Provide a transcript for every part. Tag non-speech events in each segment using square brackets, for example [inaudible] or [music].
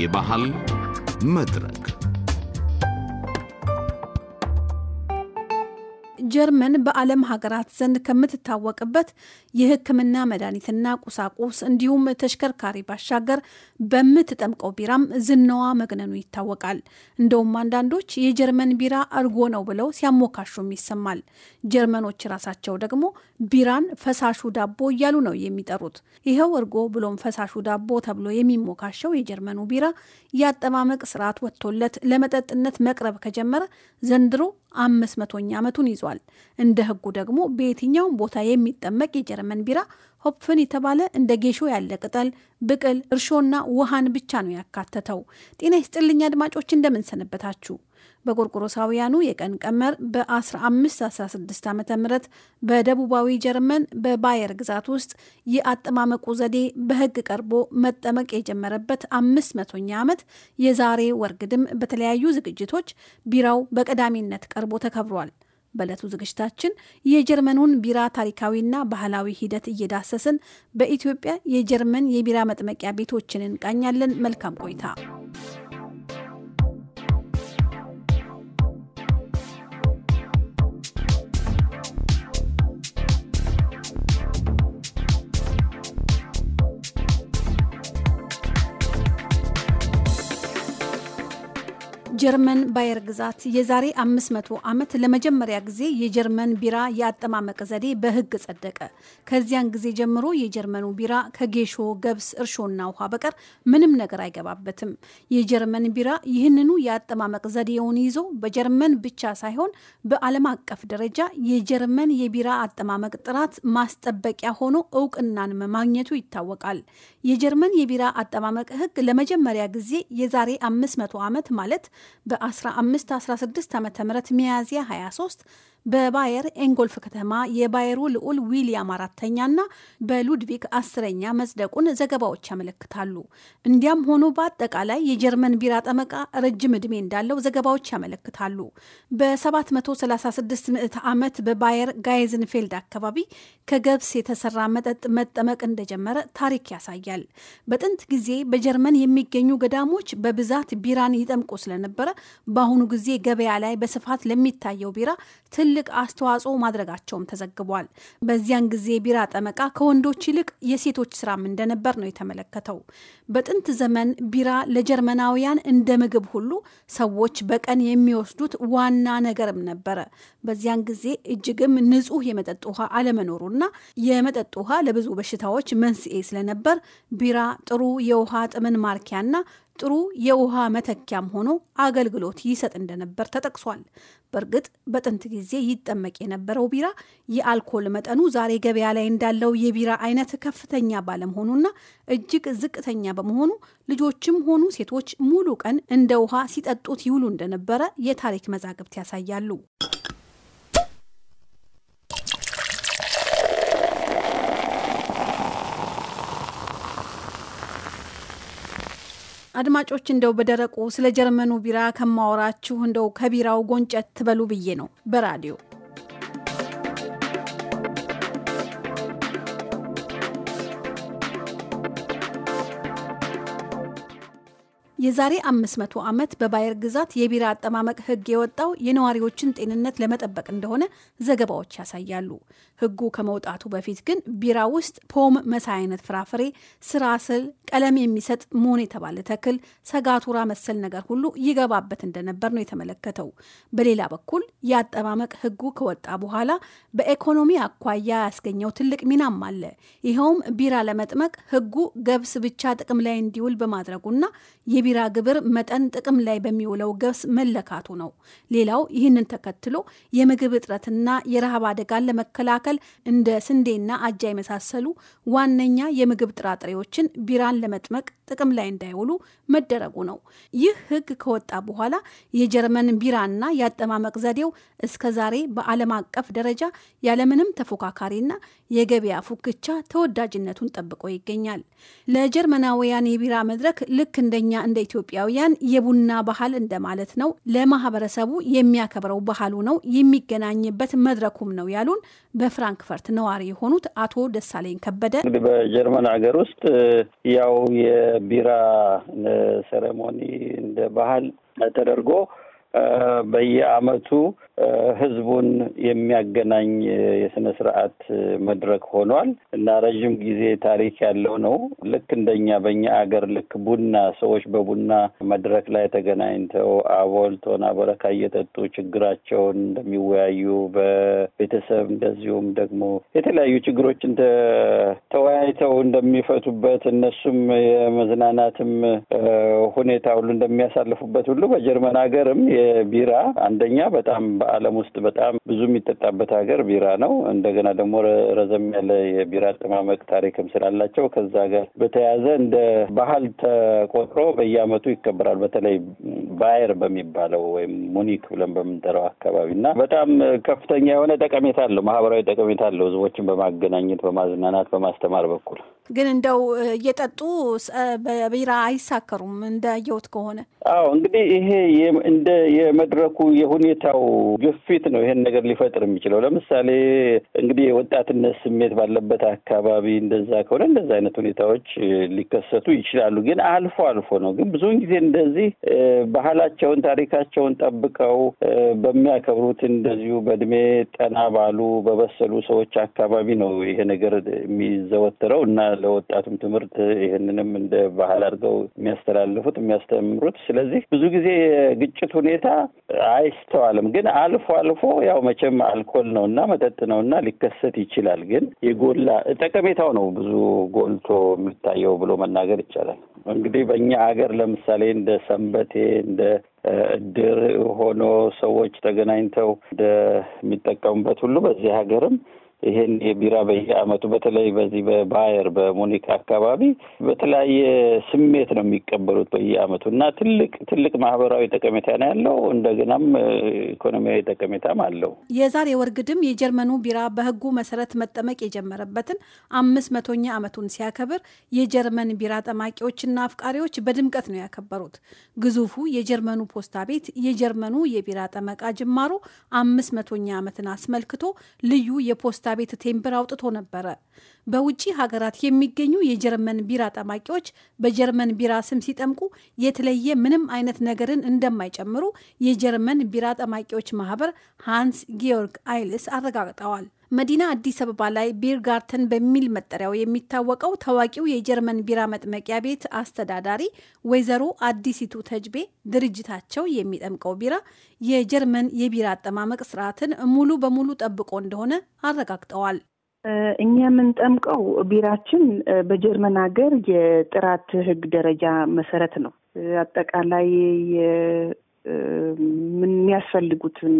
የባህል መድረክ ጀርመን በዓለም ሀገራት ዘንድ ከምትታወቅበት የሕክምና መድኃኒትና ቁሳቁስ እንዲሁም ተሽከርካሪ ባሻገር በምትጠምቀው ቢራም ዝናዋ መግነኑ ይታወቃል። እንደውም አንዳንዶች የጀርመን ቢራ እርጎ ነው ብለው ሲያሞካሹም ይሰማል። ጀርመኖች ራሳቸው ደግሞ ቢራን ፈሳሹ ዳቦ እያሉ ነው የሚጠሩት። ይኸው እርጎ ብሎም ፈሳሹ ዳቦ ተብሎ የሚሞካሸው የጀርመኑ ቢራ የአጠማመቅ ስርዓት ወጥቶለት ለመጠጥነት መቅረብ ከጀመረ ዘንድሮ አምስት መቶኛ ዓመቱን ይዟል። ይገኛል። እንደ ህጉ ደግሞ በየትኛውም ቦታ የሚጠመቅ የጀርመን ቢራ ሆፕፍን የተባለ እንደ ጌሾ ያለ ቅጠል፣ ብቅል፣ እርሾና ውሃን ብቻ ነው ያካተተው። ጤና ይስጥልኝ አድማጮች እንደምንሰነበታችሁ። በጎርጎሮሳውያኑ የቀን ቀመር በ1516 ዓ ም በደቡባዊ ጀርመን በባየር ግዛት ውስጥ የአጠማመቁ ዘዴ በህግ ቀርቦ መጠመቅ የጀመረበት አምስት መቶኛ ዓመት የዛሬ ወር ግድም በተለያዩ ዝግጅቶች ቢራው በቀዳሚነት ቀርቦ ተከብሯል። በዕለቱ ዝግጅታችን የጀርመኑን ቢራ ታሪካዊና ባህላዊ ሂደት እየዳሰስን በኢትዮጵያ የጀርመን የቢራ መጥመቂያ ቤቶችን እንቃኛለን። መልካም ቆይታ። ጀርመን ባየር ግዛት የዛሬ 500 ዓመት ለመጀመሪያ ጊዜ የጀርመን ቢራ የአጠማመቅ ዘዴ በሕግ ጸደቀ። ከዚያን ጊዜ ጀምሮ የጀርመኑ ቢራ ከጌሾ፣ ገብስ፣ እርሾና ውሃ በቀር ምንም ነገር አይገባበትም። የጀርመን ቢራ ይህንኑ የአጠማመቅ ዘዴውን ይዞ በጀርመን ብቻ ሳይሆን በዓለም አቀፍ ደረጃ የጀርመን የቢራ አጠማመቅ ጥራት ማስጠበቂያ ሆኖ እውቅናን ማግኘቱ ይታወቃል። የጀርመን የቢራ አጠማመቅ ሕግ ለመጀመሪያ ጊዜ የዛሬ 500 ዓመት ማለት በ1516 ዓ ም ሚያዝያ 23 በባየር ኤንጎልፍ ከተማ የባየሩ ልዑል ዊሊያም አራተኛና በሉድቪክ አስረኛ መጽደቁን ዘገባዎች ያመለክታሉ። እንዲያም ሆኖ በአጠቃላይ የጀርመን ቢራ ጠመቃ ረጅም ዕድሜ እንዳለው ዘገባዎች ያመለክታሉ። በ736 ምዕተ ዓመት በባየር ጋይዝንፌልድ አካባቢ ከገብስ የተሰራ መጠጥ መጠመቅ እንደጀመረ ታሪክ ያሳያል። በጥንት ጊዜ በጀርመን የሚገኙ ገዳሞች በብዛት ቢራን ይጠምቁ ስለነበረ በአሁኑ ጊዜ ገበያ ላይ በስፋት ለሚታየው ቢራ ትል ትልቅ አስተዋጽኦ ማድረጋቸውም ተዘግቧል። በዚያን ጊዜ ቢራ ጠመቃ ከወንዶች ይልቅ የሴቶች ስራም እንደነበር ነው የተመለከተው። በጥንት ዘመን ቢራ ለጀርመናውያን እንደ ምግብ ሁሉ ሰዎች በቀን የሚወስዱት ዋና ነገርም ነበረ። በዚያን ጊዜ እጅግም ንጹህ የመጠጥ ውሃ አለመኖሩና የመጠጥ ውሃ ለብዙ በሽታዎች መንስኤ ስለነበር ቢራ ጥሩ የውሃ ጥምን ማርኪያና ጥሩ የውሃ መተኪያም ሆኖ አገልግሎት ይሰጥ እንደነበር ተጠቅሷል። በእርግጥ በጥንት ጊዜ ይጠመቅ የነበረው ቢራ የአልኮል መጠኑ ዛሬ ገበያ ላይ እንዳለው የቢራ አይነት ከፍተኛ ባለመሆኑና እጅግ ዝቅተኛ በመሆኑ ልጆችም ሆኑ ሴቶች ሙሉ ቀን እንደ ውሃ ሲጠጡት ይውሉ እንደነበረ የታሪክ መዛግብት ያሳያሉ። አድማጮች እንደው በደረቁ ስለ ጀርመኑ ቢራ ከማወራችሁ እንደው ከቢራው ጎንጨት ትበሉ ብዬ ነው በራዲዮ የዛሬ 500 ዓመት በባየር ግዛት የቢራ አጠማመቅ ሕግ የወጣው የነዋሪዎችን ጤንነት ለመጠበቅ እንደሆነ ዘገባዎች ያሳያሉ። ሕጉ ከመውጣቱ በፊት ግን ቢራ ውስጥ ፖም መሳይ አይነት ፍራፍሬ፣ ስራ ስል፣ ቀለም የሚሰጥ ሞን የተባለ ተክል፣ ሰጋቱራ መሰል ነገር ሁሉ ይገባበት እንደነበር ነው የተመለከተው። በሌላ በኩል የአጠማመቅ ሕጉ ከወጣ በኋላ በኢኮኖሚ አኳያ ያስገኘው ትልቅ ሚናም አለ። ይኸውም ቢራ ለመጥመቅ ሕጉ ገብስ ብቻ ጥቅም ላይ እንዲውል በማድረጉና የቢራ ግብራ ግብር መጠን ጥቅም ላይ በሚውለው ገብስ መለካቱ ነው። ሌላው ይህንን ተከትሎ የምግብ እጥረትና የረሃብ አደጋን ለመከላከል እንደ ስንዴና አጃ የመሳሰሉ ዋነኛ የምግብ ጥራጥሬዎችን ቢራን ለመጥመቅ ጥቅም ላይ እንዳይውሉ መደረጉ ነው። ይህ ሕግ ከወጣ በኋላ የጀርመን ቢራና የአጠማመቅ ዘዴው እስከዛሬ በዓለም አቀፍ ደረጃ ያለምንም ተፎካካሪና የገበያ ፉክቻ ተወዳጅነቱን ጠብቆ ይገኛል። ለጀርመናውያን የቢራ መድረክ ልክ እንደኛ እንደ ኢትዮጵያውያን የቡና ባህል እንደማለት ነው። ለማህበረሰቡ የሚያከብረው ባህሉ ነው፣ የሚገናኝበት መድረኩም ነው ያሉን በፍራንክፈርት ነዋሪ የሆኑት አቶ ደሳለኝ ከበደ። እንግዲህ በጀርመን ሀገር ውስጥ ያው የቢራ ሴሬሞኒ እንደ ባህል ተደርጎ በየአመቱ። ህዝቡን የሚያገናኝ የስነ ስርዓት መድረክ ሆኗል እና ረዥም ጊዜ ታሪክ ያለው ነው። ልክ እንደኛ በኛ አገር ልክ ቡና ሰዎች በቡና መድረክ ላይ ተገናኝተው አቦል፣ ቶና፣ በረካ እየጠጡ ችግራቸውን እንደሚወያዩ በቤተሰብ እንደዚሁም ደግሞ የተለያዩ ችግሮችን ተወያይተው እንደሚፈቱበት እነሱም የመዝናናትም ሁኔታ ሁሉ እንደሚያሳልፉበት ሁሉ በጀርመን ሀገርም የቢራ አንደኛ በጣም በዓለም ውስጥ በጣም ብዙ የሚጠጣበት ሀገር ቢራ ነው። እንደገና ደግሞ ረዘም ያለ የቢራ አጠማመቅ ታሪክም ስላላቸው ከዛ ጋር በተያያዘ እንደ ባህል ተቆጥሮ በየዓመቱ ይከበራል። በተለይ ባየር በሚባለው ወይም ሙኒክ ብለን በምንጠራው አካባቢ እና በጣም ከፍተኛ የሆነ ጠቀሜታ አለው። ማህበራዊ ጠቀሜታ አለው። ህዝቦችን በማገናኘት በማዝናናት፣ በማስተማር በኩል ግን እንደው እየጠጡ በቢራ አይሳከሩም እንዳየሁት ከሆነ። አዎ እንግዲህ ይሄ እንደ የመድረኩ የሁኔታው ግፊት ነው ይሄን ነገር ሊፈጥር የሚችለው። ለምሳሌ እንግዲህ የወጣትነት ስሜት ባለበት አካባቢ እንደዛ ከሆነ እንደዛ አይነት ሁኔታዎች ሊከሰቱ ይችላሉ። ግን አልፎ አልፎ ነው። ግን ብዙውን ጊዜ እንደዚህ ባህላቸውን ታሪካቸውን ጠብቀው በሚያከብሩት እንደዚሁ በእድሜ ጠና ባሉ በበሰሉ ሰዎች አካባቢ ነው ይሄ ነገር የሚዘወትረው እና ለወጣቱም ትምህርት ይህንንም እንደ ባህል አድርገው የሚያስተላልፉት የሚያስተምሩት። ስለዚህ ብዙ ጊዜ የግጭት ሁኔታ አይስተዋልም። ግን አልፎ አልፎ ያው መቼም አልኮል ነው እና መጠጥ ነው እና ሊከሰት ይችላል። ግን የጎላ ጠቀሜታው ነው ብዙ ጎልቶ የሚታየው ብሎ መናገር ይቻላል። እንግዲህ በእኛ ሀገር ለምሳሌ እንደ ሰንበቴ እንደ እድር ሆኖ ሰዎች ተገናኝተው እንደሚጠቀሙበት ሁሉ በዚህ ሀገርም ይሄን የቢራ በየአመቱ በተለይ በዚህ በባየር በሙኒክ አካባቢ በተለያየ ስሜት ነው የሚቀበሉት በየአመቱ እና ትልቅ ትልቅ ማህበራዊ ጠቀሜታ ነው ያለው። እንደገናም ኢኮኖሚያዊ ጠቀሜታም አለው። የዛሬ ወር ግድም የጀርመኑ ቢራ በህጉ መሰረት መጠመቅ የጀመረበትን አምስት መቶኛ ዓመቱን ሲያከብር የጀርመን ቢራ ጠማቂዎችና አፍቃሪዎች በድምቀት ነው ያከበሩት። ግዙፉ የጀርመኑ ፖስታ ቤት የጀርመኑ የቢራ ጠመቃ ጅማሮ አምስት መቶኛ ዓመትን አስመልክቶ ልዩ የፖስታ ቤት ቴምብር አውጥቶ ነበረ። በውጪ ሀገራት የሚገኙ የጀርመን ቢራ ጠማቂዎች በጀርመን ቢራ ስም ሲጠምቁ የተለየ ምንም አይነት ነገርን እንደማይጨምሩ የጀርመን ቢራ ጠማቂዎች ማህበር ሃንስ ጊዮርግ አይልስ አረጋግጠዋል። መዲና አዲስ አበባ ላይ ቢርጋርተን በሚል መጠሪያው የሚታወቀው ታዋቂው የጀርመን ቢራ መጥመቂያ ቤት አስተዳዳሪ ወይዘሮ አዲሲቱ ተጅቤ ድርጅታቸው የሚጠምቀው ቢራ የጀርመን የቢራ አጠማመቅ ስርዓትን ሙሉ በሙሉ ጠብቆ እንደሆነ አረጋግጠዋል። እኛ የምንጠምቀው ቢራችን በጀርመን ሀገር የጥራት ሕግ ደረጃ መሰረት ነው። አጠቃላይ የሚያስፈልጉትን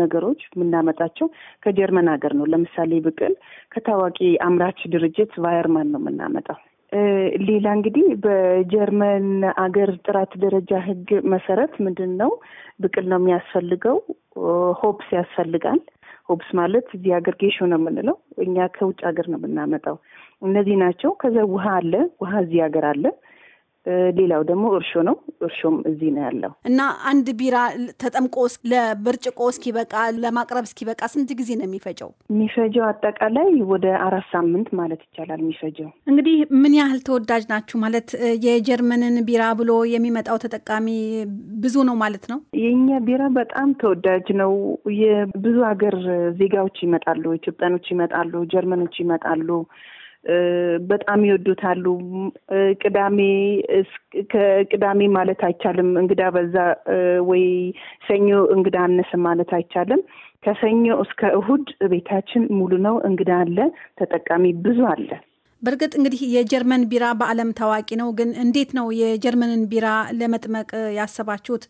ነገሮች የምናመጣቸው ከጀርመን ሀገር ነው። ለምሳሌ ብቅል ከታዋቂ አምራች ድርጅት ቫየርማን ነው የምናመጣው። ሌላ እንግዲህ በጀርመን አገር ጥራት ደረጃ ህግ መሰረት ምንድን ነው ብቅል ነው የሚያስፈልገው። ሆፕስ ያስፈልጋል። ሆፕስ ማለት እዚህ ሀገር ጌሾ ነው የምንለው፣ እኛ ከውጭ ሀገር ነው የምናመጣው። እነዚህ ናቸው። ከዛ ውሃ አለ። ውሃ እዚህ ሀገር አለ። ሌላው ደግሞ እርሾ ነው። እርሾም እዚህ ነው ያለው እና አንድ ቢራ ተጠምቆ ለብርጭቆ እስኪበቃ ለማቅረብ እስኪበቃ ስንት ጊዜ ነው የሚፈጀው? የሚፈጀው አጠቃላይ ወደ አራት ሳምንት ማለት ይቻላል። የሚፈጀው እንግዲህ ምን ያህል ተወዳጅ ናችሁ ማለት የጀርመንን ቢራ ብሎ የሚመጣው ተጠቃሚ ብዙ ነው ማለት ነው። የእኛ ቢራ በጣም ተወዳጅ ነው። የብዙ ሀገር ዜጋዎች ይመጣሉ፣ ኢትዮጵያኖች ይመጣሉ፣ ጀርመኖች ይመጣሉ። በጣም ይወዱታሉ። ቅዳሜ ከቅዳሜ ማለት አይቻልም እንግዳ በዛ ወይ ሰኞ እንግዳ አነሰ ማለት አይቻልም። ከሰኞ እስከ እሁድ ቤታችን ሙሉ ነው። እንግዳ አለ፣ ተጠቃሚ ብዙ አለ። በእርግጥ እንግዲህ የጀርመን ቢራ በዓለም ታዋቂ ነው። ግን እንዴት ነው የጀርመንን ቢራ ለመጥመቅ ያሰባችሁት?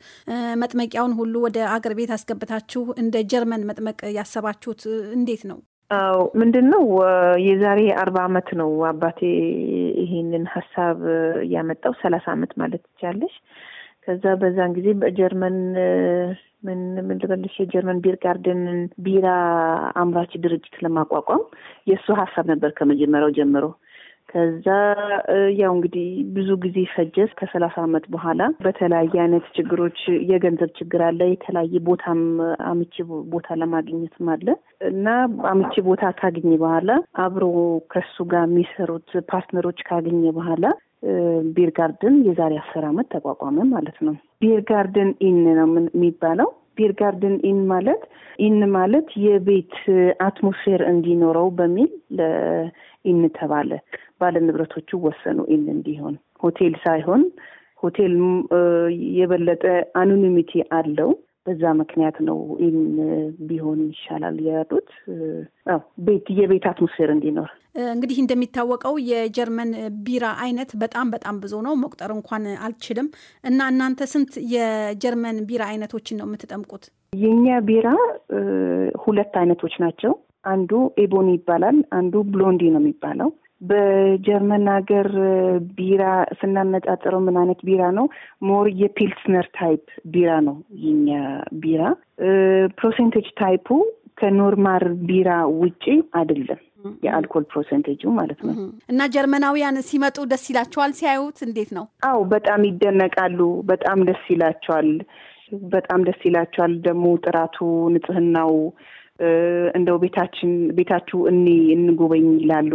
መጥመቂያውን ሁሉ ወደ አገር ቤት አስገብታችሁ እንደ ጀርመን መጥመቅ ያሰባችሁት እንዴት ነው? አዎ ምንድን ነው የዛሬ አርባ አመት ነው አባቴ ይሄንን ሀሳብ ያመጣው። ሰላሳ አመት ማለት ትቻለሽ። ከዛ በዛን ጊዜ በጀርመን ምን ምን ልበልሽ የጀርመን ቢር ጋርደንን ቢራ አምራች ድርጅት ለማቋቋም የእሱ ሀሳብ ነበር ከመጀመሪያው ጀምሮ ከዛ ያው እንግዲህ ብዙ ጊዜ ፈጀስ ከሰላሳ ዓመት በኋላ በተለያየ አይነት ችግሮች የገንዘብ ችግር አለ። የተለያየ ቦታም አምቺ ቦታ ለማግኘትም አለ እና አምቺ ቦታ ካገኘ በኋላ አብሮ ከሱ ጋር የሚሰሩት ፓርትነሮች ካገኘ በኋላ ቢር ጋርድን የዛሬ አስር ዓመት ተቋቋመ ማለት ነው። ቢር ጋርድን ኢን ነው የሚባለው ቢር ጋርደን ኢን ማለት ኢን ማለት የቤት አትሞስፌር እንዲኖረው በሚል ኢን ተባለ። ባለ ንብረቶቹ ወሰኑ ኢን እንዲሆን ሆቴል ሳይሆን ሆቴል የበለጠ አኖኒሚቲ አለው በዛ ምክንያት ነው ይህን ቢሆን ይሻላል ያሉት። ቤት የቤት አትሞስፌር እንዲኖር እንግዲህ እንደሚታወቀው የጀርመን ቢራ አይነት በጣም በጣም ብዙ ነው፣ መቁጠር እንኳን አልችልም። እና እናንተ ስንት የጀርመን ቢራ አይነቶችን ነው የምትጠምቁት? የእኛ ቢራ ሁለት አይነቶች ናቸው። አንዱ ኤቦኒ ይባላል፣ አንዱ ብሎንዲ ነው የሚባለው። በጀርመን ሀገር ቢራ ስናነጻጽረው ምን አይነት ቢራ ነው? ሞር የፒልስነር ታይፕ ቢራ ነው የኛ ቢራ። ፕሮሴንቴጅ ታይፑ ከኖርማል ቢራ ውጪ አይደለም፣ የአልኮል ፕሮሰንቴጁ ማለት ነው። እና ጀርመናውያን ሲመጡ ደስ ይላቸዋል ሲያዩት? እንዴት ነው? አዎ በጣም ይደነቃሉ። በጣም ደስ ይላቸዋል። በጣም ደስ ይላቸዋል። ደግሞ ጥራቱ፣ ንጽህናው እንደው ቤታችን ቤታችሁ እኒ እንጎበኝ ይላሉ።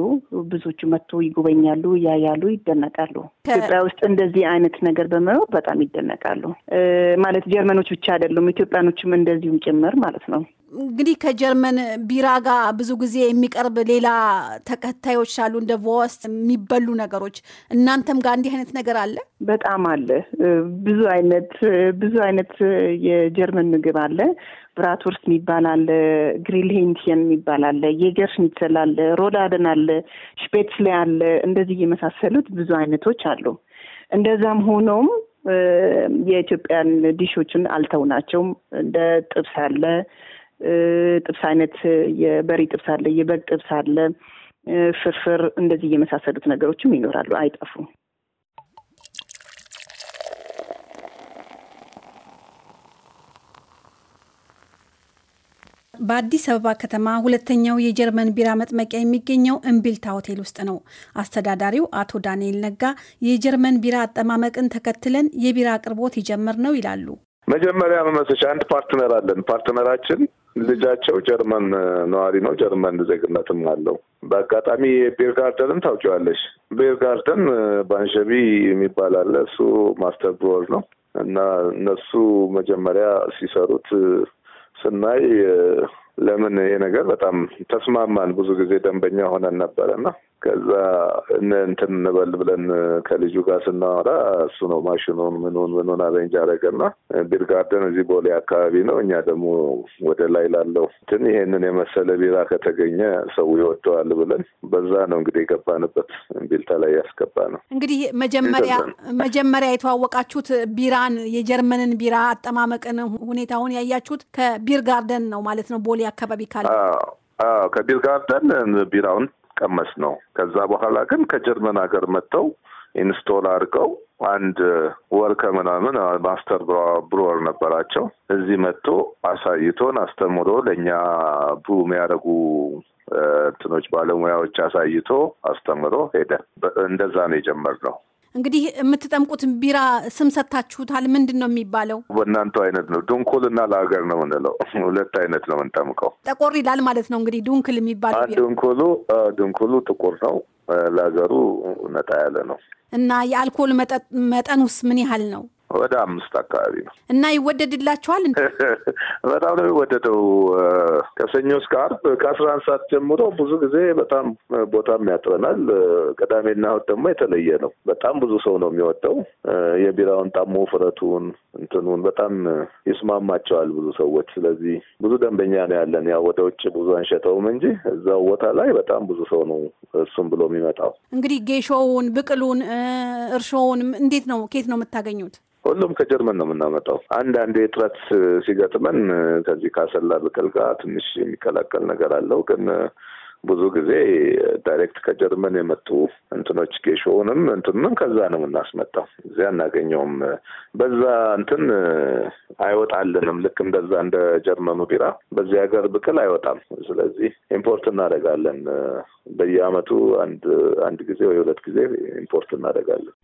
ብዙዎቹ መጥቶ ይጎበኛሉ፣ ያያሉ፣ ይደነቃሉ። ኢትዮጵያ ውስጥ እንደዚህ አይነት ነገር በመኖር በጣም ይደነቃሉ። ማለት ጀርመኖች ብቻ አይደሉም፣ ኢትዮጵያኖችም እንደዚሁም ጭምር ማለት ነው። እንግዲህ ከጀርመን ቢራ ጋር ብዙ ጊዜ የሚቀርብ ሌላ ተከታዮች አሉ፣ እንደ ቮስት የሚበሉ ነገሮች። እናንተም ጋር እንዲህ አይነት ነገር አለ? በጣም አለ። ብዙ አይነት ብዙ አይነት የጀርመን ምግብ አለ። ብራትወርስ የሚባል አለ፣ ግሪልሄንቲየን የሚባል አለ፣ የገርሽኒትሰል አለ፣ ሮዳደን አለ፣ ሽፔትስሌ አለ። እንደዚህ የመሳሰሉት ብዙ አይነቶች አሉ። እንደዛም ሆኖም የኢትዮጵያን ዲሾችን አልተው ናቸውም። እንደ ጥብስ አለ፣ ጥብስ አይነት የበሪ ጥብስ አለ፣ የበግ ጥብስ አለ፣ ፍርፍር፣ እንደዚህ የመሳሰሉት ነገሮችም ይኖራሉ፣ አይጠፉም። በአዲስ አበባ ከተማ ሁለተኛው የጀርመን ቢራ መጥመቂያ የሚገኘው እምቢልታ ሆቴል ውስጥ ነው። አስተዳዳሪው አቶ ዳንኤል ነጋ የጀርመን ቢራ አጠማመቅን ተከትለን የቢራ አቅርቦት ይጀምር ነው ይላሉ። መጀመሪያ መመሰሻ አንድ ፓርትነር አለን። ፓርትነራችን ልጃቸው ጀርመን ነዋሪ ነው። ጀርመን ዜግነትም አለው። በአጋጣሚ ቤር ጋርደንን ታውቂዋለሽ? ቤር ጋርደን ባንሸቢ የሚባል አለ። እሱ ማስተር ብሮር ነው እና እነሱ መጀመሪያ ሲሰሩት ስናይ ለምን ይሄ ነገር በጣም ተስማማን። ብዙ ጊዜ ደንበኛ ሆነን ነበረና ከዛ እንትን እንበል ብለን ከልጁ ጋር ስናወራ እሱ ነው ማሽኑን ምኑን ምኑን አሬንጅ አደረገና ቢር ጋርደን እዚህ ቦሌ አካባቢ ነው። እኛ ደግሞ ወደ ላይ ላለው እንትን ይሄንን የመሰለ ቢራ ከተገኘ ሰው ይወደዋል ብለን በዛ ነው እንግዲህ የገባንበት ቢልታ ላይ ያስገባ ነው። እንግዲህ መጀመሪያ መጀመሪያ የተዋወቃችሁት ቢራን የጀርመንን ቢራ አጠማመቅን ሁኔታውን ያያችሁት ከቢር ጋርደን ነው ማለት ነው ቦሌ አካባቢ ካለ ከቢርጋርደን ቢራውን ቀመስ ነው። ከዛ በኋላ ግን ከጀርመን ሀገር መጥተው ኢንስቶል አድርገው አንድ ወር ከምናምን ማስተር ብሮወር ነበራቸው። እዚህ መጥቶ አሳይቶን አስተምሮ ለእኛ ብሩ የሚያደርጉ እንትኖች ባለሙያዎች አሳይቶ አስተምሮ ሄደ። እንደዛ ነው የጀመርነው። እንግዲህ የምትጠምቁትን ቢራ ስም ሰጥታችሁታል። ምንድን ነው የሚባለው? በእናንተ አይነት ነው። ዱንኩል እና ለሀገር ነው ምንለው። ሁለት አይነት ነው የምንጠምቀው። ጠቆር ይላል ማለት ነው እንግዲህ ዱንክል የሚባለው ዱንኩሉ ዱንኩሉ ጥቁር ነው፣ ለሀገሩ ነጣ ያለ ነው። እና የአልኮል መጠኑስ ምን ያህል ነው? ወደ አምስት አካባቢ ነው እና ይወደድላችኋል። [laughs] በጣም ነው የሚወደደው። ከሰኞ እስከ ዓርብ ከአስራ አንድ ሰዓት ጀምሮ ብዙ ጊዜ በጣም ቦታም ያጥረናል። ቅዳሜና እሑድ ደግሞ የተለየ ነው። በጣም ብዙ ሰው ነው የሚወደው። የቢራውን ጣሞ ፍረቱን እንትኑን በጣም ይስማማቸዋል ብዙ ሰዎች። ስለዚህ ብዙ ደንበኛ ነው ያለን። ያው ወደ ውጭ ብዙ አንሸጠውም እንጂ እዛው ቦታ ላይ በጣም ብዙ ሰው ነው እሱም ብሎ የሚመጣው። እንግዲህ ጌሾውን፣ ብቅሉን፣ እርሾውን እንዴት ነው ኬት ነው የምታገኙት? ሁሉም ከጀርመን ነው የምናመጣው። አንዳንዴ እጥረት ሲገጥመን ከዚህ ካሰላ ብቅል ጋር ትንሽ የሚቀላቀል ነገር አለው ግን ብዙ ጊዜ ዳይሬክት ከጀርመን የመጡ እንትኖች ጌሾውንም እንትንም ከዛ ነው የምናስመጣው። እዚያ አናገኘውም። በዛ እንትን አይወጣልንም። ልክ እንደዛ እንደ ጀርመኑ ቢራ በዚህ ሀገር ብቅል አይወጣም። ስለዚህ ኢምፖርት እናደርጋለን። በየአመቱ አንድ አንድ ጊዜ ወይ ሁለት ጊዜ ኢምፖርት እናደርጋለን።